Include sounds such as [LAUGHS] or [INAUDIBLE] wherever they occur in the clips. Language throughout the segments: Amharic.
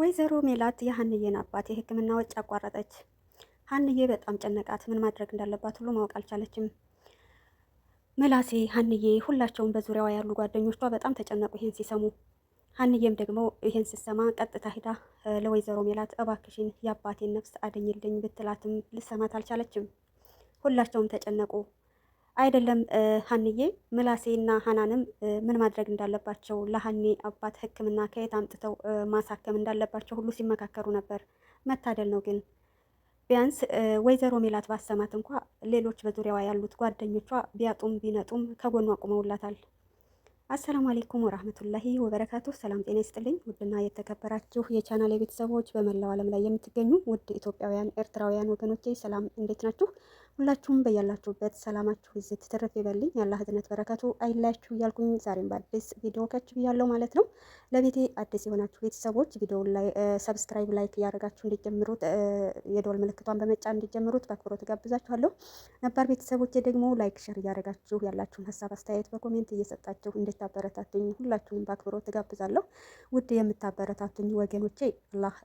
ወይዘሮ ሜላት የሀንዬን አባት የህክምና ወጪ አቋረጠች። ሀንዬ በጣም ጨነቃት። ምን ማድረግ እንዳለባት ሁሉ ማወቅ አልቻለችም። ምላሴ፣ ሀንዬ፣ ሁላቸውም በዙሪያዋ ያሉ ጓደኞቿ በጣም ተጨነቁ ይሄን ሲሰሙ። ሀንዬም ደግሞ ይሄን ስትሰማ ቀጥታ ሂዳ ለወይዘሮ ሜላት እባክሽን የአባቴን ነፍስ አደኝልኝ ብትላትም ልሰማት አልቻለችም። ሁላቸውም ተጨነቁ። አይደለም ሀንዬ ምላሴና ሀናንም ምን ማድረግ እንዳለባቸው ለሀኒ አባት ሕክምና ከየት አምጥተው ማሳከም እንዳለባቸው ሁሉ ሲመካከሩ ነበር። መታደል ነው ግን ቢያንስ ወይዘሮ ሜላት ባሰማት እንኳ ሌሎች በዙሪያዋ ያሉት ጓደኞቿ ቢያጡም ቢነጡም ከጎኗ አቁመውላታል። አሰላሙ አሌይኩም ወራህመቱላሂ ወበረካቱ። ሰላም ጤና ይስጥልኝ። ውድና የተከበራችሁ የቻናል የቤተሰቦች በመላው ዓለም ላይ የምትገኙ ውድ ኢትዮጵያውያን ኤርትራውያን ወገኖቼ ሰላም እንዴት ናችሁ? ሁላችሁም በያላችሁበት ሰላማችሁ ይዘት ተረፍ ይበልኝ። ያላ ዝነት በረከቱ አይላችሁ እያልኩኝ ዛሬም በአዲስ ቪዲዮ ከች ብያለሁ ማለት ነው። ለቤቴ አዲስ የሆናችሁ ቤተሰቦች ቪዲዮ ላይ ሰብስክራይብ፣ ላይክ እያደረጋችሁ እንዲጀምሩት የደወል ምልክቷን በመጫን እንዲጀምሩት በአክብሮት ጋብዛችኋለሁ። ነባር ቤተሰቦቼ ደግሞ ላይክ፣ ሸር እያደረጋችሁ ያላችሁን ሀሳብ አስተያየት በኮሜንት እየሰጣችሁ እንድታበረታቱኝ ሁላችሁም በአክብሮት ጋብዛለሁ። ውድ የምታበረታቱኝ ወገኖቼ አላህ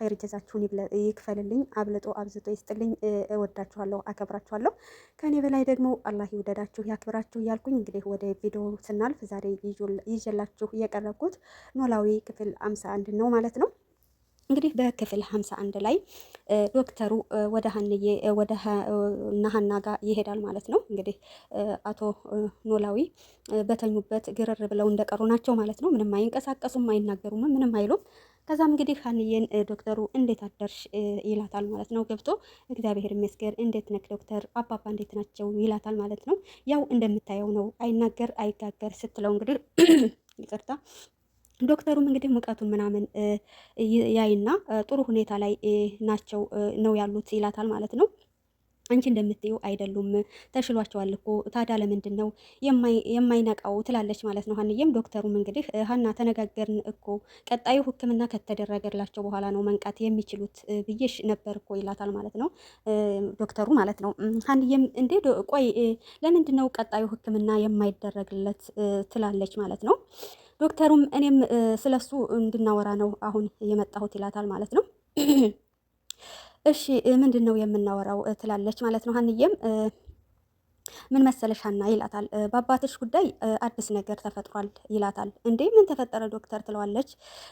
ኸይር ጀዛችሁን ይክፈልልኝ፣ አብልጦ አብዝቶ ይስጥልኝ። እወዳችኋለሁ፣ አከብራ አደርሳችኋለሁ። ከእኔ በላይ ደግሞ አላህ ይውደዳችሁ ያክብራችሁ እያልኩኝ እንግዲህ ወደ ቪዲዮ ስናልፍ ዛሬ ይዤላችሁ የቀረብኩት ኖላዊ ክፍል አምሳ አንድ ነው ማለት ነው። እንግዲህ በክፍል 51 ላይ ዶክተሩ ወደ ሀንዬ ወደ ናሀና ጋር ይሄዳል ማለት ነው። እንግዲህ አቶ ኖላዊ በተኙበት ግርር ብለው እንደቀሩ ናቸው ማለት ነው። ምንም አይንቀሳቀሱም፣ አይናገሩም፣ ምንም አይሉም። ከዛም እንግዲህ ሀንዬን ዶክተሩ እንዴት አደርሽ ይላታል ማለት ነው። ገብቶ እግዚአብሔር ይመስገን እንዴት ነክ ዶክተር አባባ እንዴት ናቸው ይላታል ማለት ነው። ያው እንደምታየው ነው አይናገር አይጋገር ስትለው እንግዲህ [CLEARS THROAT] ይቅርታ ዶክተሩም እንግዲህ ሙቀቱን ምናምን ያይና ጥሩ ሁኔታ ላይ ናቸው ነው ያሉት ይላታል ማለት ነው። አንቺ እንደምትዩ አይደሉም። ተሽሏቸዋል እኮ ታዲያ ለምንድን ነው የማይነቃው? ትላለች ማለት ነው። ሀንዬም ዶክተሩም እንግዲህ ሀና ተነጋገርን እኮ ቀጣዩ ሕክምና ከተደረገላቸው በኋላ ነው መንቃት የሚችሉት ብዬሽ ነበር እኮ ይላታል ማለት ነው። ዶክተሩ ማለት ነው። ሀንዬም እንዴ ቆይ ለምንድን ነው ቀጣዩ ሕክምና የማይደረግለት? ትላለች ማለት ነው። ዶክተሩም እኔም ስለሱ እንድናወራ ነው አሁን የመጣሁት ይላታል ማለት ነው። እሺ ምንድን ነው የምናወራው ትላለች ማለት ነው። ሀንዬም ምን መሰለሽ ሀና ይላታል። በአባትሽ ጉዳይ አዲስ ነገር ተፈጥሯል ይላታል። እንዴ ምን ተፈጠረ ዶክተር ትለዋለች።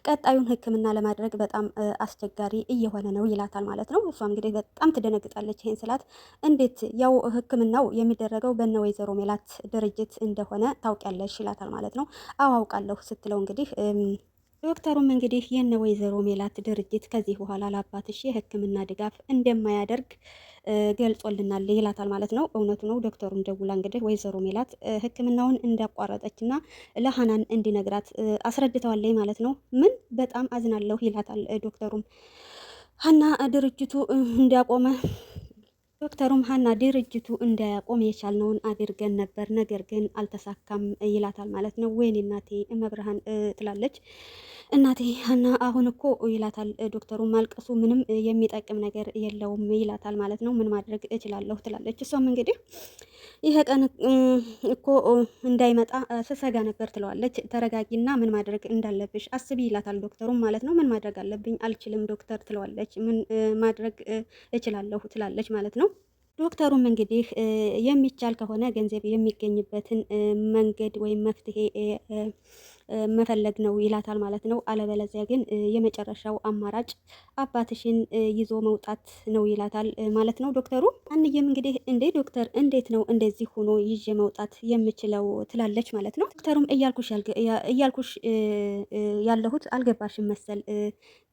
ቀጣዩን ህክምና ለማድረግ በጣም አስቸጋሪ እየሆነ ነው ይላታል ማለት ነው። እሷ እንግዲህ በጣም ትደነግጣለች። ይህን ስላት እንዴት ያው ህክምናው የሚደረገው በነ ወይዘሮ ሜላት ድርጅት እንደሆነ ታውቂያለሽ ይላታል ማለት ነው። አዋውቃለሁ ስትለው እንግዲህ ዶክተሩም እንግዲህ የነ ወይዘሮ ሜላት ድርጅት ከዚህ በኋላ ለአባትሽ የሕክምና ድጋፍ እንደማያደርግ ገልጾልናል ይላታል ማለት ነው። እውነቱ ነው። ዶክተሩም ደውላ እንግዲህ ወይዘሮ ሜላት ሕክምናውን እንዳቋረጠችና ለሀናን እንዲነግራት አስረድተዋለይ ማለት ነው። ምን በጣም አዝናለሁ ይላታል ዶክተሩም ሀና ድርጅቱ እንዳቆመ ዶክተሩም ሀና ድርጅቱ እንዳያቆም የቻልነውን አድርገን ነበር፣ ነገር ግን አልተሳካም ይላታል ማለት ነው። ወይኔ እናቴ መብርሃን ትላለች። እናቴ ሀና አሁን እኮ ይላታል ዶክተሩ። ማልቀሱ ምንም የሚጠቅም ነገር የለውም ይላታል ማለት ነው። ምን ማድረግ እችላለሁ ትላለች። እሷም እንግዲህ ይህ ቀን እኮ እንዳይመጣ ስሰጋ ነበር ትለዋለች። ተረጋጊና ምን ማድረግ እንዳለብሽ አስቢ ይላታል ዶክተሩም ማለት ነው። ምን ማድረግ አለብኝ? አልችልም ዶክተር ትለዋለች። ምን ማድረግ እችላለሁ ትላለች ማለት ነው። ዶክተሩም እንግዲህ የሚቻል ከሆነ ገንዘብ የሚገኝበትን መንገድ ወይም መፍትሄ መፈለግ ነው ይላታል ማለት ነው። አለበለዚያ ግን የመጨረሻው አማራጭ አባትሽን ይዞ መውጣት ነው ይላታል ማለት ነው ዶክተሩ። አንዬም እንግዲህ እንዴ ዶክተር እንዴት ነው እንደዚህ ሆኖ ይዤ መውጣት የምችለው ትላለች ማለት ነው። ዶክተሩም እያልኩሽ ያለሁት አልገባሽም መሰል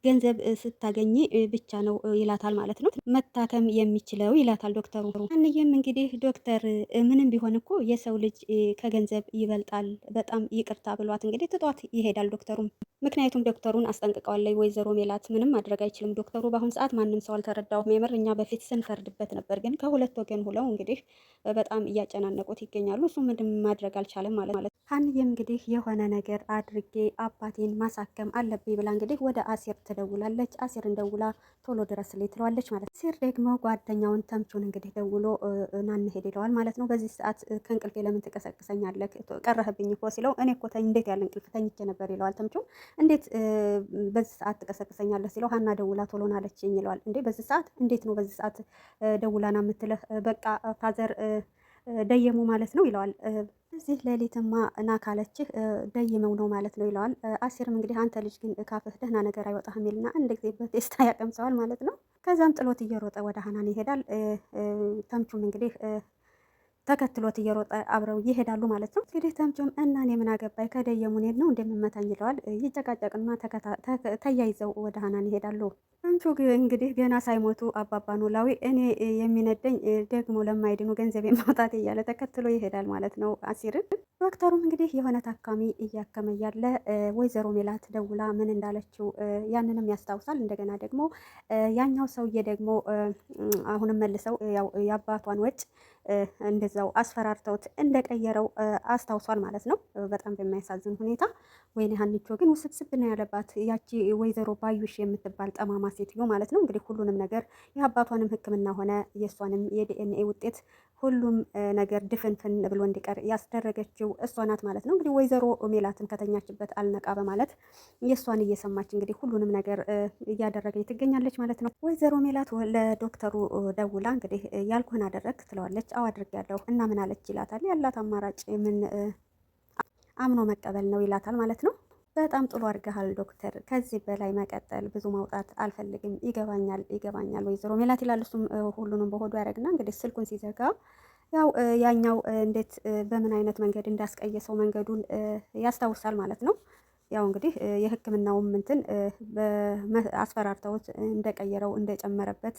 ገንዘብ ስታገኝ ብቻ ነው ይላታል ማለት ነው። መታከም የሚችለው ይላታል ዶክተሩ። አንዬም እንግዲህ ዶክተር ምንም ቢሆን እኮ የሰው ልጅ ከገንዘብ ይበልጣል፣ በጣም ይቅርታ ብሏት እንግዲህ እንግዲህ ትቷት ይሄዳል ዶክተሩም ምክንያቱም ዶክተሩን አስጠንቅቀዋለች ወይዘሮ ሜላት ምንም ማድረግ አይችልም። ዶክተሩ በአሁኑ ሰዓት ማንም ሰው አልተረዳውም። የምር እኛ በፊት ስንፈርድበት ነበር፣ ግን ከሁለት ወገን ሁለው እንግዲህ በጣም እያጨናነቁት ይገኛሉ። እሱ ምንም ማድረግ አልቻለም ማለት ማለት ሀንዬም እንግዲህ የሆነ ነገር አድርጌ አባቴን ማሳከም አለብኝ ብላ እንግዲህ ወደ አሴር ትደውላለች። አሴር እንደውላ ቶሎ ድረስ ላይ ትለዋለች ማለት ነው። አሴር ደግሞ ጓደኛውን ተምቹን እንግዲህ ደውሎ ና እንሄድ ይለዋል ማለት ነው። በዚህ ሰዓት ከእንቅልፌ ለምን ትቀሰቅሰኛለህ? ቀረህብኝ እኮ ሲለው እኔ እኮ እንዴት ያለ እንቅልፍ ተኝቼ ነበር ይለዋል ተምቹ። እንዴት በዚህ ሰዓት ትቀሰቅሰኛለህ ሲለው ሀና ደውላ ቶሎና አለችኝ ይለዋል። እንዴ በዚህ ሰዓት እንዴት ነው በዚህ ሰዓት ደውላና የምትለህ? በቃ ፋዘር ደየሙ ማለት ነው ይለዋል። እዚህ ሌሊትማ እና ካለችህ ደይመው ነው ማለት ነው ይለዋል። አሲርም እንግዲህ አንተ ልጅ ግን ካፍህ ደህና ነገር አይወጣህ የሚልና አንድ ጊዜ በቴስታ ያቀምሰዋል ማለት ነው። ከዛም ጥሎት እየሮጠ ወደ ሀናን ይሄዳል። ተምቹም እንግዲህ ተከትሎት እየሮጠ አብረው ይሄዳሉ ማለት ነው። እንግዲህ ተምቹም እና እኔ ምን አገባኝ ከደየሙኔን ነው እንደምመታኝ ይለዋል። ይጨቃጨቅና ተያይዘው ወደ ሀናን ይሄዳሉ። ተምቹ እንግዲህ ገና ሳይሞቱ አባባ ኖላዊ እኔ የሚነደኝ ደግሞ ለማይድኑ ገንዘቤ ማውጣት እያለ ተከትሎ ይሄዳል ማለት ነው አሲርን ዶክተሩም እንግዲህ የሆነ ታካሚ እያከመ ያለ ወይዘሮ ሜላት ደውላ ምን እንዳለችው ያንንም ያስታውሳል። እንደገና ደግሞ ያኛው ሰውዬ ደግሞ አሁንም መልሰው የአባቷን ወጭ እንደዛው አስፈራርተውት እንደቀየረው አስታውሷል ማለት ነው። በጣም በሚያሳዝን ሁኔታ ወይኔ ሀኒቾ ግን ውስብስብ ነው ያለባት ያቺ ወይዘሮ ባዩሽ የምትባል ጠማማ ሴትዮ ማለት ነው። እንግዲህ ሁሉንም ነገር የአባቷንም ሕክምና ሆነ የእሷንም የዲኤንኤ ውጤት ሁሉም ነገር ድፍንፍን ብሎ እንዲቀር ያስደረገችው እሷ ናት ማለት ነው። እንግዲህ ወይዘሮ ሜላትም ከተኛችበት አልነቃ በማለት የእሷን እየሰማች እንግዲህ ሁሉንም ነገር እያደረገች ትገኛለች ማለት ነው። ወይዘሮ ሜላት ለዶክተሩ ደውላ እንግዲህ ያልኩህን አደረግ ትለዋለች። አዎ አድርጌያለሁ እና ምን አለች ይላታል። ያላት አማራጭ ምን አምኖ መቀበል ነው ይላታል ማለት ነው። በጣም ጥሩ አድርገሃል ዶክተር፣ ከዚህ በላይ መቀጠል ብዙ ማውጣት አልፈልግም። ይገባኛል ይገባኛል ወይዘሮ ሜላት ይላል። እሱም ሁሉንም በሆዱ ያደረግና እንግዲህ ስልኩን ሲዘጋ ያው ያኛው እንዴት በምን አይነት መንገድ እንዳስቀየሰው መንገዱን ያስታውሳል ማለት ነው። ያው እንግዲህ የሕክምናውም እንትን አስፈራርተውት እንደቀየረው እንደጨመረበት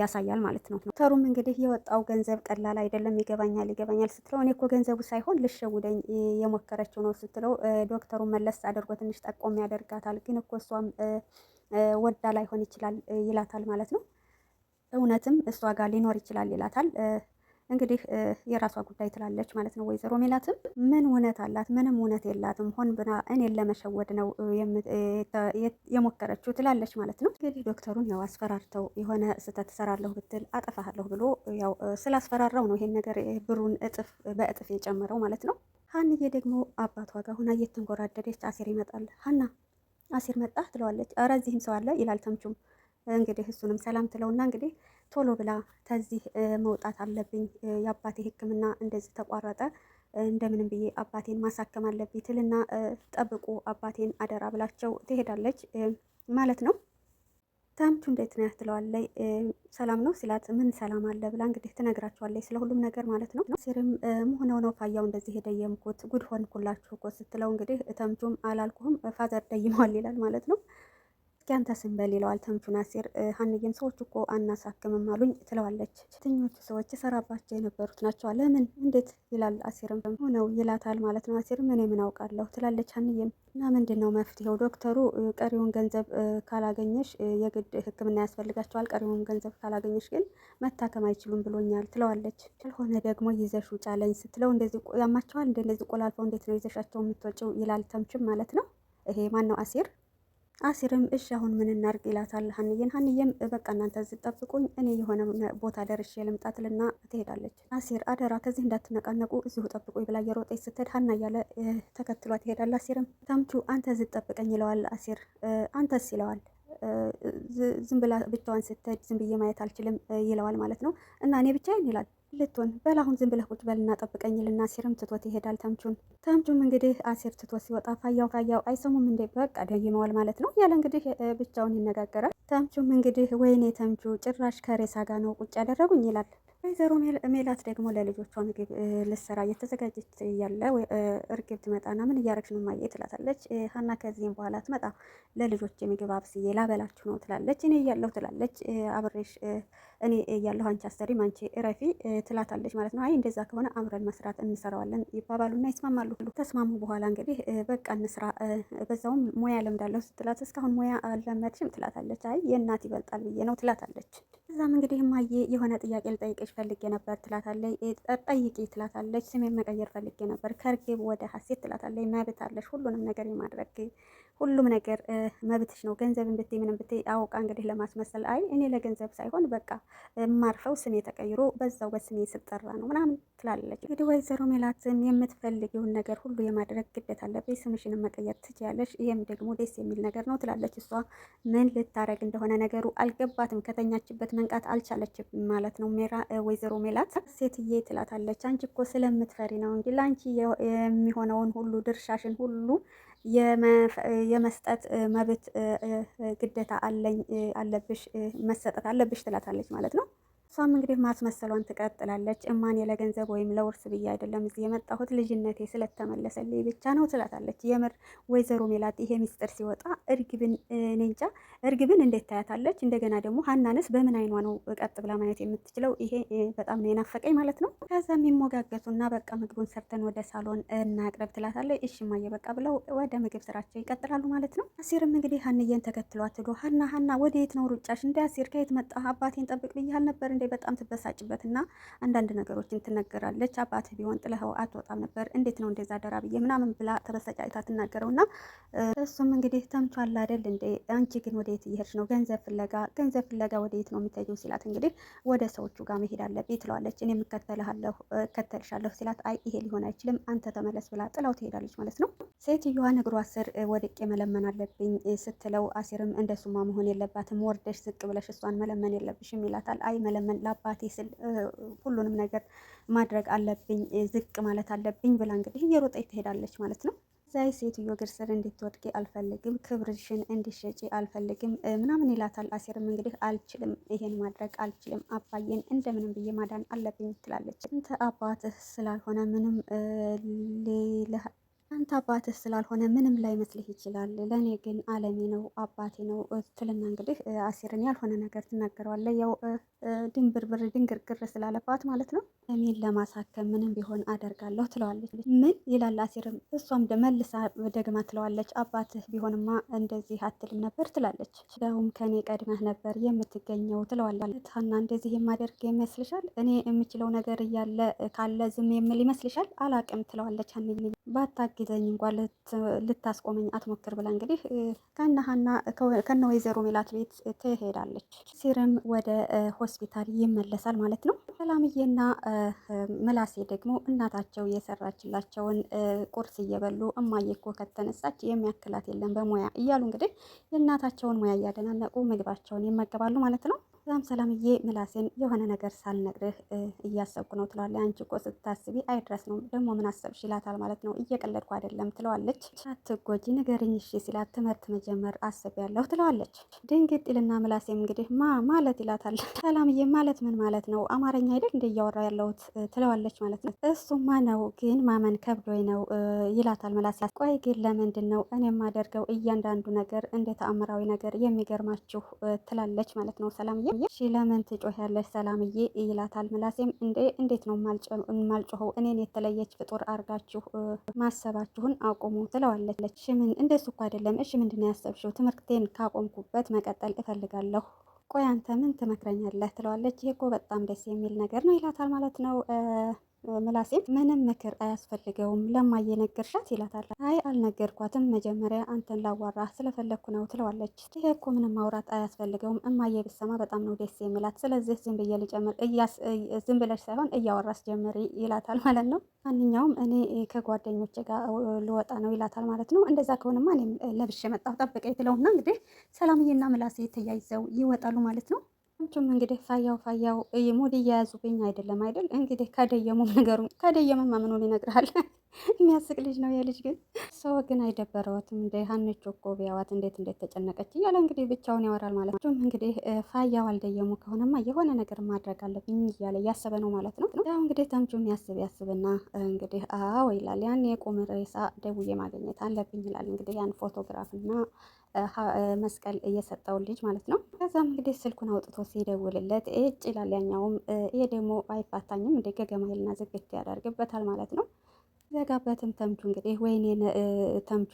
ያሳያል ማለት ነው። ተሩም እንግዲህ የወጣው ገንዘብ ቀላል አይደለም፣ ይገባኛል ይገባኛል ስትለው እኔ እኮ ገንዘቡ ሳይሆን ልሸውደኝ የሞከረችው ነው ስትለው ዶክተሩ መለስ አድርጎ ትንሽ ጠቆም ያደርጋታል። ግን እኮ እሷም ወዳ ላይሆን ይችላል ይላታል ማለት ነው። እውነትም እሷ ጋር ሊኖር ይችላል ይላታል። እንግዲህ የራሷ ጉዳይ ትላለች ማለት ነው። ወይዘሮ ሜላትም ምን እውነት አላት? ምንም እውነት የላትም። ሆን ብና እኔን ለመሸወድ ነው የሞከረችው ትላለች ማለት ነው። እንግዲህ ዶክተሩን ያው አስፈራርተው የሆነ ስህተት ሰራለሁ ብትል አጠፋሃለሁ ብሎ ያው ስላስፈራራው ነው ይሄን ነገር ብሩን እጥፍ በእጥፍ የጨመረው ማለት ነው። ሀንዬ ደግሞ አባቷ ጋር ሁና እየተንጎራደደች አሴር ይመጣል። ሀና አሴር መጣ ትለዋለች። ኧረ እዚህም ሰው አለ ይላል ተምቹም እንግዲህ እሱንም ሰላም ትለውና እንግዲህ ቶሎ ብላ ከዚህ መውጣት አለብኝ፣ የአባቴ ሕክምና እንደዚህ ተቋረጠ፣ እንደምንም ብዬ አባቴን ማሳከም አለብኝ ትልና ጠብቁ አባቴን አደራ ብላቸው ትሄዳለች ማለት ነው። ተምቹ እንዴት ነው ትለዋለች። ሰላም ነው ሲላት ምን ሰላም አለ ብላ እንግዲህ ትነግራቸዋለች ስለ ሁሉም ነገር ማለት ነው። ሲርም መሆነው ነው ፋያው እንደዚህ የደየምኩት ጉድ ሆንኩላችሁ እኮ ስትለው እንግዲህ ተምቹም አላልኩህም ፋዘር ደይመዋል ይላል ማለት ነው። እስኪ አንተ ይለዋል ተንቹ ናሲር። ሀንዬም ሰዎች እኮ አናሳክምም አሉኝ ትለዋለች። የትኞቹ ሰዎች ሰራባቸው የነበሩት ናቸው ለምን እንዴት ይላል አሲርም ሆነው ይላታል ማለት ነው። አሴር ምን ምን አውቃለሁ ትላለች ሀንዬም። እና ምንድን ነው መፍትሄው ዶክተሩ ቀሪውን ገንዘብ ካላገኘሽ የግድ ሕክምና ያስፈልጋቸዋል ቀሪውን ገንዘብ ካላገኘሽ ግን መታከም አይችሉም ብሎኛል ትለዋለች። ካልሆነ ደግሞ ይዘሽ ውጭ ስትለው እንደዚህ ያማቸዋል እንደዚህ ቆላልፈው እንዴት ነው ይዘሻቸው የምትወጪው ይላል ተምችም ማለት ነው። ይሄ ማን ነው አሲር አሲርም እሺ አሁን ምን እናርግ ይላታል ሀንዬን። ሀንዬም በቃ እናንተ እዚህ ጠብቁኝ፣ እኔ የሆነ ቦታ ደርሼ ልምጣትልና ትሄዳለች። አሲር አደራ ከዚህ እንዳትነቃነቁ እዚሁ ጠብቁኝ ብላ የሮጠች ስትሄድ ሀና እያለ ተከትሏ ይሄዳል። አሲርም ታምቹ አንተ እዚህ ጠብቀኝ ይለዋል። አሲር አንተስ ይለዋል። ዝም ብላ ብቻዋን ስትሄድ ዝም ብዬ ማየት አልችልም ይለዋል ማለት ነው። እና እኔ ብቻዬን ይላል ልትሆን በል አሁን ዝም ብለህ ቁጭ በልና ጠብቀኝ ልና አሲርም ትቶት ይሄዳል። ተምቹን ተምቹም እንግዲህ አሲር ትቶት ሲወጣ ፋያው ፋያው አይሰሙም እንዴ በቃ ደይመዋል ማለት ነው ያለ እንግዲህ ብቻውን ይነጋገራል። ተምቹም እንግዲህ ወይኔ ተምቹ ጭራሽ ከሬሳ ጋር ነው ቁጭ ያደረጉኝ ይላል። ወይዘሮ ሜላት ደግሞ ለልጆቿ ምግብ ልሰራ እየተዘጋጀች እያለ እርግብ ትመጣና ምን እያረግሽ ነው ማየ ትላታለች። ሀና ከዚህም በኋላ ትመጣ ለልጆች ምግብ አብስዬ ላበላችሁ ነው ትላለች። እኔ እያለሁ ትላለች አብሬሽ እኔ እያለሁ አንቺ አሰሪም አንቺ እረፊ ትላታለች ማለት ነው። አይ እንደዛ ከሆነ አብረን መስራት እንሰራዋለን ይባባሉና ይስማማሉ። ተስማሙ በኋላ እንግዲህ በቃ እንስራ፣ በዛውም ሙያ ለምዳለሁ ስትላት እስካሁን ሙያ አልለመድሽም ትላታለች። አይ የእናት ይበልጣል ብዬ ነው ትላታለች። ከዛም እንግዲህ እማዬ የሆነ ጥያቄ ልጠይቅሽ ፈልጌ ነበር ትላታለች። ጠይቂ ትላታለች። ስሜን መቀየር ፈልጌ ነበር ከርግብ ወደ ሀሴት ትላታለች። መብት አለሽ ሁሉንም ነገር የማድረግ ሁሉም ነገር መብትሽ ነው። ገንዘብን ብትይ ምንም ብትይ አውቃ እንግዲህ ለማስመሰል አይ እኔ ለገንዘብ ሳይሆን በቃ የማርፈው ስሜ ተቀይሮ በዛው በስሜ ስጠራ ነው ምናምን ትላለች። እንግዲህ ወይዘሮ ሜላትም የምትፈልጊውን ነገር ሁሉ የማድረግ ግዴታ አለብኝ፣ ስምሽንም መቀየር ትችያለሽ፣ ይህም ደግሞ ደስ የሚል ነገር ነው ትላለች። እሷ ምን ልታረግ እንደሆነ ነገሩ አልገባትም። ከተኛችበት መንቃት አልቻለችም ማለት ነው ሜራ ወይዘሮ ሜላት ሴትዬ ትላታለች። አንቺ እኮ ስለምትፈሪ ነው እንጂ ለአንቺ የሚሆነውን ሁሉ ድርሻሽን ሁሉ የመስጠት መብት ግዴታ አለኝ አለብሽ መሰጠት አለብሽ ትላታለች ማለት ነው። እሷም እንግዲህ ማስመሰሏን ትቀጥላለች። እማኔ ለገንዘብ ወይም ለውርስ ብዬ አይደለም እዚህ የመጣሁት ልጅነቴ ስለተመለሰልኝ ብቻ ነው ትላታለች። የምር ወይዘሮ ሜላት ይሄ ሚስጥር ሲወጣ እርግብን እኔ እርግብን እንዴት ታያታለች? እንደገና ደግሞ ሀናንስ በምን አይኗ ነው ቀጥ ብላ ማየት የምትችለው? ይሄ በጣም ነው የናፈቀኝ ማለት ነው። ከዛ የሚሞጋገሱና በቃ ምግቡን ሰርተን ወደ ሳሎን እናቅረብ ትላታለች። እሺ እማዬ በቃ ብለው ወደ ምግብ ስራቸው ይቀጥላሉ ማለት ነው። አሲርም እንግዲህ ሀንዬን ተከትሏት ሄዶ ሀና ሀና ወደ የት ነው ሩጫሽ? እንደ አሲር ከየት መጣ? አባቴን ጠብቅ ብያል ነበር እንዴ በጣም ትበሳጭበትና አንዳንድ ነገሮችን ትነገራለች። አባት ቢሆን ጥለኸው አትወጣም ነበር፣ እንዴት ነው እንደዛ ደራ ብዬ ምናምን ብላ ተበሳጫይታ ትናገረውና እሱም እንግዲህ ተምቷል አይደል እንዴ አንቺ ግን ወደየት እየሄድሽ ነው? ገንዘብ ፍለጋ ገንዘብ ፍለጋ ወደየት ነው የምትሄጂው? ሲላት እንግዲህ ወደ ሰዎቹ ጋር መሄድ አለብኝ ትለዋለች። እኔም እከተልሃለሁ እከተልሻለሁ ሲላት አይ ይሄ ሊሆን አይችልም አንተ ተመለስ ብላ ጥላው ትሄዳለች ማለት ነው። ሴትዮዋ እግሯ ስር ወድቄ መለመን አለብኝ ስትለው አሲርም እንደሱማ መሆን የለባትም ወርደሽ ዝቅ ብለሽ እሷን መለመን የለብሽም ይላታል። አይ መለመን ለምን ለአባቴ ስል ሁሉንም ነገር ማድረግ አለብኝ፣ ዝቅ ማለት አለብኝ ብላ እንግዲህ እየሮጠች ትሄዳለች ማለት ነው። ዛይ ሴትዮ እግር ስር እንድትወድቂ አልፈልግም፣ ክብርሽን እንድሸጪ አልፈልግም ምናምን ይላታል። አሴርም እንግዲህ አልችልም፣ ይሄን ማድረግ አልችልም፣ አባዬን እንደምንም ብዬ ማዳን አለብኝ ትላለች። እንተ አባትህ ስላልሆነ ምንም አንተ አባትህ ስላልሆነ ምንም ላይ ላይመስልህ ይችላል፣ ለእኔ ግን አለሜ ነው አባቴ ነው ትልና እንግዲህ አሲርን ያልሆነ ነገር ትናገረዋለ። ያው ድንብርብር ድንግርግር ስላለባት ማለት ነው። እኔን ለማሳከም ምንም ቢሆን አደርጋለሁ ትለዋለች። ምን ይላል አሲርም፣ እሷም መልሳ ደግማ ትለዋለች። አባትህ ቢሆንማ እንደዚህ አትልም ነበር ትላለች። ደውም ከእኔ ቀድመህ ነበር የምትገኘው ትለዋለች። ሀና እንደዚህ የማደርግ ይመስልሻል? እኔ የምችለው ነገር እያለ ካለ ዝም የምል ይመስልሻል? አላቅም ትለዋለች። አንኝ ባታ አግዘኝ እንኳን ልታስቆመኝ አትሞክር ብላ እንግዲህ ከነሀና ከነ ወይዘሮ ሜላት ቤት ትሄዳለች። ሲርም ወደ ሆስፒታል ይመለሳል ማለት ነው። ሰላምዬና ምላሴ ደግሞ እናታቸው የሰራችላቸውን ቁርስ እየበሉ እማዬ እኮ ከተነሳች የሚያክላት የለም በሙያ እያሉ እንግዲህ የእናታቸውን ሙያ እያደናነቁ ምግባቸውን ይመገባሉ ማለት ነው። ከዛም ሰላምዬ ምላሴን የሆነ ነገር ሳልነግርህ እያሰብኩ ነው ትለዋለች። አንቺ እኮ ስታስቢ አይድረስ ነው ደግሞ ምን አሰብሽ ይላታል ማለት ነው። እየቀለድኩ አይደለም ትለዋለች። አትጎጂ ንገርኝ እሺ ሲላት ትምህርት መጀመር አስቤያለሁ ትለዋለች። ድንግጥ ይልና ምላሴም እንግዲህ ማ ማለት ይላታል። ሰላምዬ ማለት ምን ማለት ነው አማርኛ አይደል እንደ እያወራ ያለሁት ትለዋለች ማለት ነው። እሱማ ነው ግን ማመን ከብዶኝ ነው ይላታል ምላሴ። ቆይ ግን ለምንድን ነው እኔ የማደርገው እያንዳንዱ ነገር እንደ ተአምራዊ ነገር የሚገርማችሁ ትላለች ማለት ነው ሰላምዬ ሰውዬ እሺ ለምን ትጮህያለሽ ሰላምዬ ይላታል። ምላሴም እንዴ እንዴት ነው ማልጮኸው እኔን የተለየች ፍጡር አርጋችሁ ማሰባችሁን አቁሙ ትለዋለች። ሽምን እንደሱ እኮ አይደለም። እሺ ምንድን ነው ያሰብሽው? ትምህርቴን ካቆምኩበት መቀጠል እፈልጋለሁ። ቆይ አንተ ምን ትመክረኛለህ? ትለዋለች። ይሄ እኮ በጣም ደስ የሚል ነገር ነው ይላታል ማለት ነው ምላሴም ምንም ምክር አያስፈልገውም ለማየ ነገርሻት ይላታል። አይ አልነገርኳትም፣ መጀመሪያ አንተን ላዋራ ስለፈለግኩ ነው ትለዋለች። ይሄ እኮ ምንም ማውራት አያስፈልገውም፣ እማየ ብሰማ በጣም ነው ደስ የሚላት። ስለዚህ ዝም ብዬ ልጨምር፣ ዝም ብለሽ ሳይሆን እያወራስ ጀምሪ ይላታል ማለት ነው። ማንኛውም እኔ ከጓደኞች ጋር ልወጣ ነው ይላታል ማለት ነው። እንደዛ ከሆነማ እኔም ለብሼ መጣሁ፣ ጠብቀኝ ትለውና እንግዲህ ሰላምዬና ምላሴ ተያይዘው ይወጣሉ ማለት ነው። አንቺም እንግዲህ ፋያው ፋያው ሙድ እየያዙብኝ አይደለም አይደል? እንግዲህ ከደየሙም ነገሩ ከደየመም አምኖን ይነግርሃል። [LAUGHS] የሚያስቅ ልጅ ነው የልጅ ግን ሰው ግን አይደበረወትም። እንደ ሀንቾ እኮ ቢያዋት እንዴት እንዴት ተጨነቀች እያለ እንግዲህ ብቻውን ያወራል ማለት ነው። እንግዲህ ፋያው አልደየሙ ከሆነማ የሆነ ነገር ማድረግ አለብኝ እያለ እያሰበ ነው ማለት ነው። ያው እንግዲህ ተምቹም ያስብ ያስብና እንግዲህ አዎ ይላል። ያን የቁም ሬሳ ደውዬ ማግኘት አለብኝ ይላል። እንግዲህ ያን ፎቶግራፍና መስቀል እየሰጠው ልጅ ማለት ነው። ከዛም እንግዲህ ስልኩን አውጥቶ ሲደውልለት እጭ ይላል ያኛውም። ይሄ ደግሞ አይፋታኝም እንደ ገገማ ይልና ዝግት ያደርግበታል ማለት ነው። ዘጋበትም ተምቹ እንግዲህ ወይኔ ተምቹ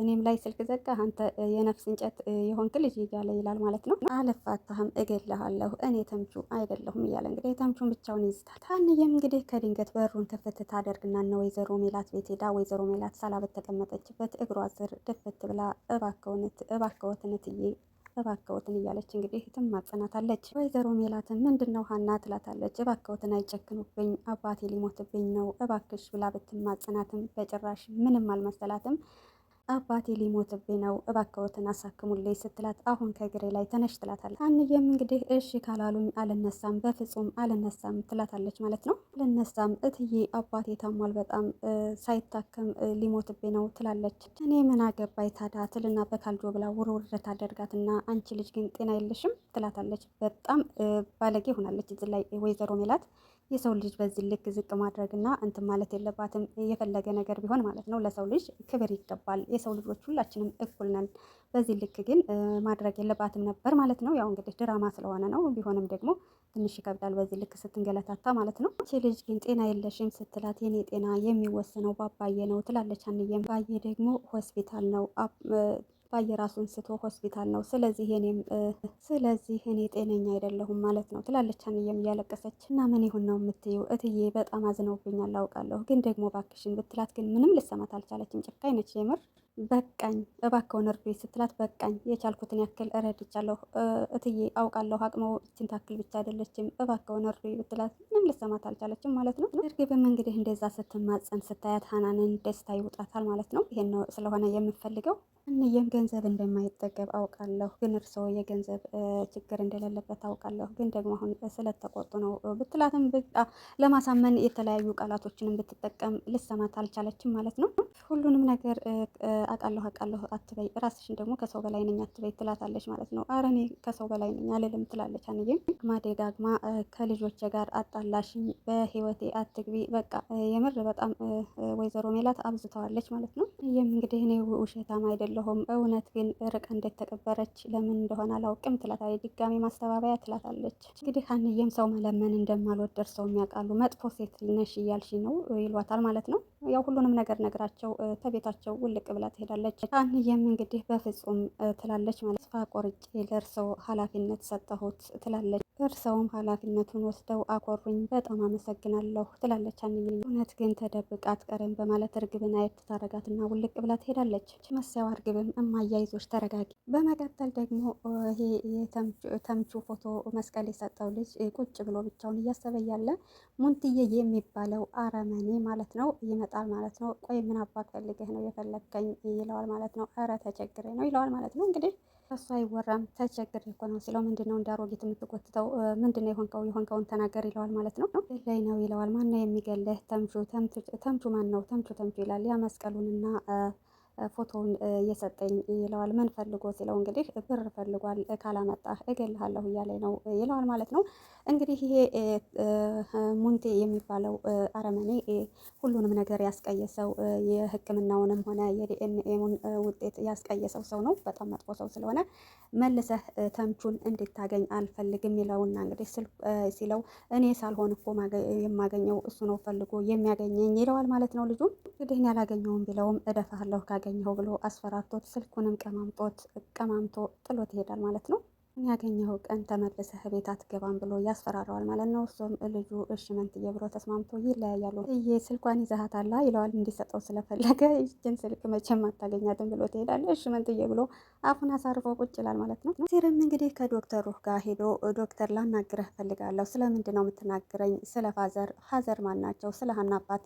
እኔም ላይ ስልክ ዘጋህ አንተ የነፍስ እንጨት የሆንክ ልጅ እያለ ይላል ማለት ነው። አለፋታህም እገድልሃለሁ እኔ ተምቹ አይደለሁም እያለ እንግዲህ ተምቹን ብቻውን ይዝታል። ታንየም እንግዲህ ከድንገት በሩን ክፍት ታደርግና እነ ወይዘሮ ሜላት ቤት ሄዳ ወይዘሮ ሜላት ሳላ በተቀመጠችበት እግሯ ስር ድፍት ብላ እባክዎት እባክዎት እትዬ እባክዎትን እያለች እንግዲህ እህትም ማጽናታለች። ወይዘሮ ሜላትም ምንድን ነው ሀና ትላታለች። እባክዎትን አይጨክኑብኝ፣ አባቴ ሊሞትብኝ ነው እባክሽ ብላ ብትማጽናትም በጭራሽ ምንም አልመሰላትም። አባቴ ሊሞትብኝ ነው እባክዎትን አሳክሙልኝ ስትላት አሁን ከእግሬ ላይ ተነሽ ትላታለች። አንዬም እንግዲህ እሺ ካላሉኝ አልነሳም፣ በፍጹም አልነሳም ትላታለች ማለት ነው። አልነሳም እትዬ አባቴ ታሟል፣ በጣም ሳይታከም ሊሞትብኝ ነው ትላለች። እኔ ምን አገባይ ታዳ ትልና በካልጆ ብላ ውርውር ታደርጋትና አንቺ ልጅ ግን ጤና የለሽም ትላታለች። በጣም ባለጌ ሆናለች እዚህ ላይ ወይዘሮ ሜላት የሰው ልጅ በዚህ ልክ ዝቅ ማድረግና እንትን ማለት የለባትም። የፈለገ ነገር ቢሆን ማለት ነው ለሰው ልጅ ክብር ይገባል። የሰው ልጆች ሁላችንም እኩል ነን። በዚህ ልክ ግን ማድረግ የለባትም ነበር ማለት ነው። ያው እንግዲህ ድራማ ስለሆነ ነው። ቢሆንም ደግሞ ትንሽ ይከብዳል በዚህ ልክ ስትንገለታታ ማለት ነው። ቺ ልጅ ግን ጤና የለሽም ስትላት የኔ ጤና የሚወሰነው ባባዬ ነው ትላለች። አንዬም ባዬ ደግሞ ሆስፒታል ነው ባየራሱን ስቶ ሆስፒታል ነው። ስለዚህ እኔም ስለዚህ እኔ ጤነኛ አይደለሁም ማለት ነው ትላለች አንዬም እያለቀሰች እና ምን ይሁን ነው የምትይው እትዬ በጣም አዝነውብኛል አውቃለሁ፣ ግን ደግሞ ባክሽን ብትላት ግን ምንም ልሰማት አልቻለችም። ጨካኝ ነች የምር በቃኝ እባከውን እርዱኝ ስትላት በቃኝ የቻልኩትን ያክል እረድቻለሁ እትዬ አውቃለሁ አቅመው እችን ታክል ብቻ አይደለችም እባከውን እርዱኝ ብትላት ምንም ልሰማት አልቻለችም ማለት ነው እርግብም እንግዲህ እንደዛ ስትማፀን ስታያት ሀናንን ደስታ ይውጣታል ማለት ነው ይሄን ነው ስለሆነ የምፈልገው እንየም ገንዘብ እንደማይጠገብ አውቃለሁ ግን እርስዎ የገንዘብ ችግር እንደሌለበት አውቃለሁ ግን ደግሞ አሁን ስለተቆጡ ነው ብትላትም ለማሳመን የተለያዩ ቃላቶችንም ብትጠቀም ልሰማት አልቻለችም ማለት ነው ሁሉንም ነገር አውቃለሁ አቃለሁ አትበይ፣ ራስሽን ደግሞ ከሰው በላይ ነኝ አትበይ ትላታለች ማለት ነው። አረ እኔ ከሰው በላይ ነኝ አልልም ትላለች። አንዬም ማደጋግማ ከልጆች ጋር አጣላሽኝ፣ በህይወቴ አትግቢ፣ በቃ የምር በጣም ወይዘሮ ሜላት አብዝተዋለች ማለት ነው። ይህም እንግዲህ እኔ ውሸታም አይደለሁም፣ እውነት ግን ርቅ እንዴት ተቀበረች ለምን እንደሆነ አላውቅም ትላታለች። ድጋሚ ማስተባበያ ትላታለች። እንግዲህ አንዬም ሰው መለመን እንደማልወደር ሰው የሚያውቃሉ መጥፎ ሴት ነሽ እያልሽ ነው ይሏታል ማለት ነው። ያው ሁሉንም ነገር ነግራቸው ተቤታቸው ውልቅ ብላ ትሄዳለች። አንዬም እንግዲህ በፍጹም ትላለች ማለት ተስፋ ቆርጬ ለእርስዎ ኃላፊነት ሰጠሁት ትላለች። እርሰውም ኃላፊነቱን ወስደው አኮሩኝ፣ በጣም አመሰግናለሁ ትላለች። አንኝ እውነት ግን ተደብቃ አትቀርም በማለት እርግብን አየት ታረጋትና ውልቅ ብላ ትሄዳለች። መስያው እርግብም እማያይዞች ተረጋጊ። በመቀጠል ደግሞ ይሄ የተምቹ ፎቶ መስቀል የሰጠው ልጅ ቁጭ ብሎ ብቻውን እያሰበ ያለ ሙንትዬ የሚባለው አረመኔ ማለት ነው ይመጣል ማለት ነው። ቆይ ምን አባት ፈልገህ ነው የፈለግከኝ ይለዋል ማለት ነው። ኧረ ተቸግሬ ነው ይለዋል ማለት ነው እንግዲህ ከሱ አይወራም። ተቸግር እኮ ነው ሲለው ምንድን ነው እንደ ምንድነው የምትቆትተው ምንድን ነው የሆንከው? የሆንከውን ተናገር ይለዋል ማለት ነው። ገላይ ነው ይለዋል። ማን ነው ተምቹ ተምቹ ማን ነው? ተምቹ ተምቹ ይላል። ያ መስቀሉንና ፎቶውን እየሰጠኝ ይለዋል። ምን ፈልጎ ሲለው እንግዲህ ብር ፈልጓል፣ ካላመጣህ እገልሃለሁ እያለ ነው ይለዋል ማለት ነው። እንግዲህ ይሄ ሙንቴ የሚባለው አረመኔ ሁሉንም ነገር ያስቀየሰው የሕክምናውንም ሆነ የዲኤንኤውን ውጤት ያስቀየሰው ሰው ነው። በጣም መጥፎ ሰው ስለሆነ መልሰህ ተምቹን እንድታገኝ አልፈልግም ይለውና እንግዲህ ሲለው እኔ ሳልሆን እኮ የማገኘው እሱ ነው ፈልጎ የሚያገኘኝ ይለዋል ማለት ነው። ልጁም እንግዲህ ያላገኘውም ቢለውም እደፋለሁ አገኘሁ ብሎ አስፈራርቶት ስልኩንም ቀማምጦት ቀማምቶ ጥሎት ይሄዳል ማለት ነው። ያገኘው ቀን ተመልሰህ ቤት አትገባም ብሎ ያስፈራረዋል ማለት ነው። እሱም ልጁ እሺ መንትዬ ብሎ ተስማምቶ ይለያያሉ። ይሄ ስልኳን አላ ይለዋል እንዲሰጠው ስለፈለገ ይችን ስልክ መቼም አታገኛትም ብሎ ትሄዳለ። እሺ መንትዬ ብሎ አፉን አሳርፎ ቁጭ ይላል ማለት ነው። ሲርም እንግዲህ ከዶክተር ሩህ ጋር ሄዶ ዶክተር ላናግረህ ፈልጋለሁ። ስለምንድ ነው የምትናግረኝ? ስለ ፋዘር ፋዘር ማን ናቸው? ስለ ሀና አባት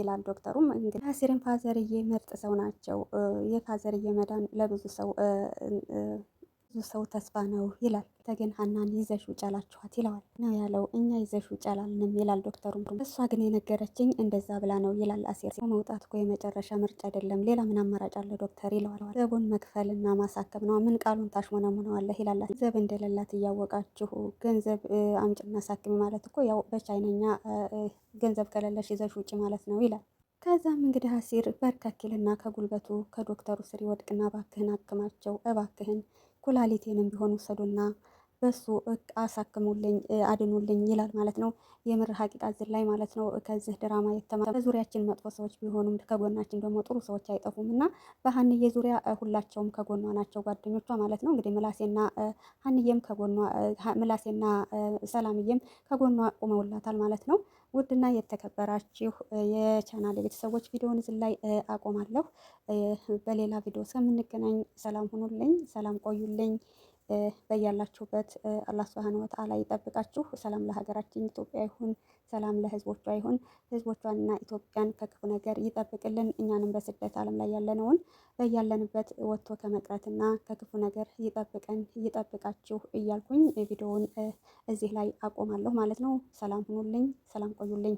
ይላል ዶክተሩም እንግዲህ ሲርም ፋዘርዬ ምርጥ ሰው ናቸው። የፋዘርዬ መዳን ለብዙ ሰው ብዙ ሰው ተስፋ ነው ይላል። ተገን ሀናን ይዘሽ ውጭ ይለዋል ነው ያለው። እኛ ይዘሽ ውጭ አላልንም ይላል ዶክተሩም። እሷ ግን የነገረችኝ እንደዛ ብላ ነው ይላል አሴር። መውጣት እኮ የመጨረሻ ምርጫ አይደለም፣ ሌላ ምን አማራጭ አለ ዶክተር ይለዋል። ዘቡን መክፈልና ማሳከም ነው። ምን ቃሉን ታሽሞነሙነዋለህ ይላል። ዘብ እንደሌላት እያወቃችሁ ገንዘብ አምጭ አሳክሚ ማለት እኮ ያው በቻይነኛ ገንዘብ ከሌለሽ ይዘሽ ውጭ ማለት ነው ይላል። ከዛም እንግዲህ አሲር በርካኪልና ከጉልበቱ ከዶክተሩ ስር ይወድቅና እባክህን አክማቸው እባክህን ኩላሊቴንም ቢሆን ውሰዱና በሱ አሳክሙልኝ አድኑልኝ ይላል ማለት ነው። የምር ሀቂቃ ዝን ላይ ማለት ነው። ከዚህ ድራማ የተማ በዙሪያችን መጥፎ ሰዎች ቢሆኑም ከጎናችን ደግሞ ጥሩ ሰዎች አይጠፉም እና በሀንዬ ዙሪያ ሁላቸውም ከጎኗ ናቸው ጓደኞቿ ማለት ነው። እንግዲህ ምላሴና ሀንዬም ከጎኗ ምላሴና ሰላምዬም ከጎኗ ቁመውላታል ማለት ነው። ውድና የተከበራችሁ የቻናል ቤተሰቦች ቪዲዮውን እዚህ ላይ አቆማለሁ። በሌላ ቪዲዮ እስከምንገናኝ ሰላም ሁኑልኝ፣ ሰላም ቆዩልኝ። በያላችሁበት አላህ ሱብሃነሁ ወተዓላ ይጠብቃችሁ። ሰላም ለሀገራችን ኢትዮጵያ ይሁን፣ ሰላም ለህዝቦቿ ይሁን። ህዝቦቿንና ኢትዮጵያን ከክፉ ነገር ይጠብቅልን። እኛንም በስደት ዓለም ላይ ያለነውን በያለንበት ወጥቶ ከመቅረትና ከክፉ ነገር ይጠብቀን፣ ይጠብቃችሁ እያልኩኝ ቪዲዮውን እዚህ ላይ አቆማለሁ ማለት ነው። ሰላም ሁኑልኝ፣ ሰላም ቆዩልኝ።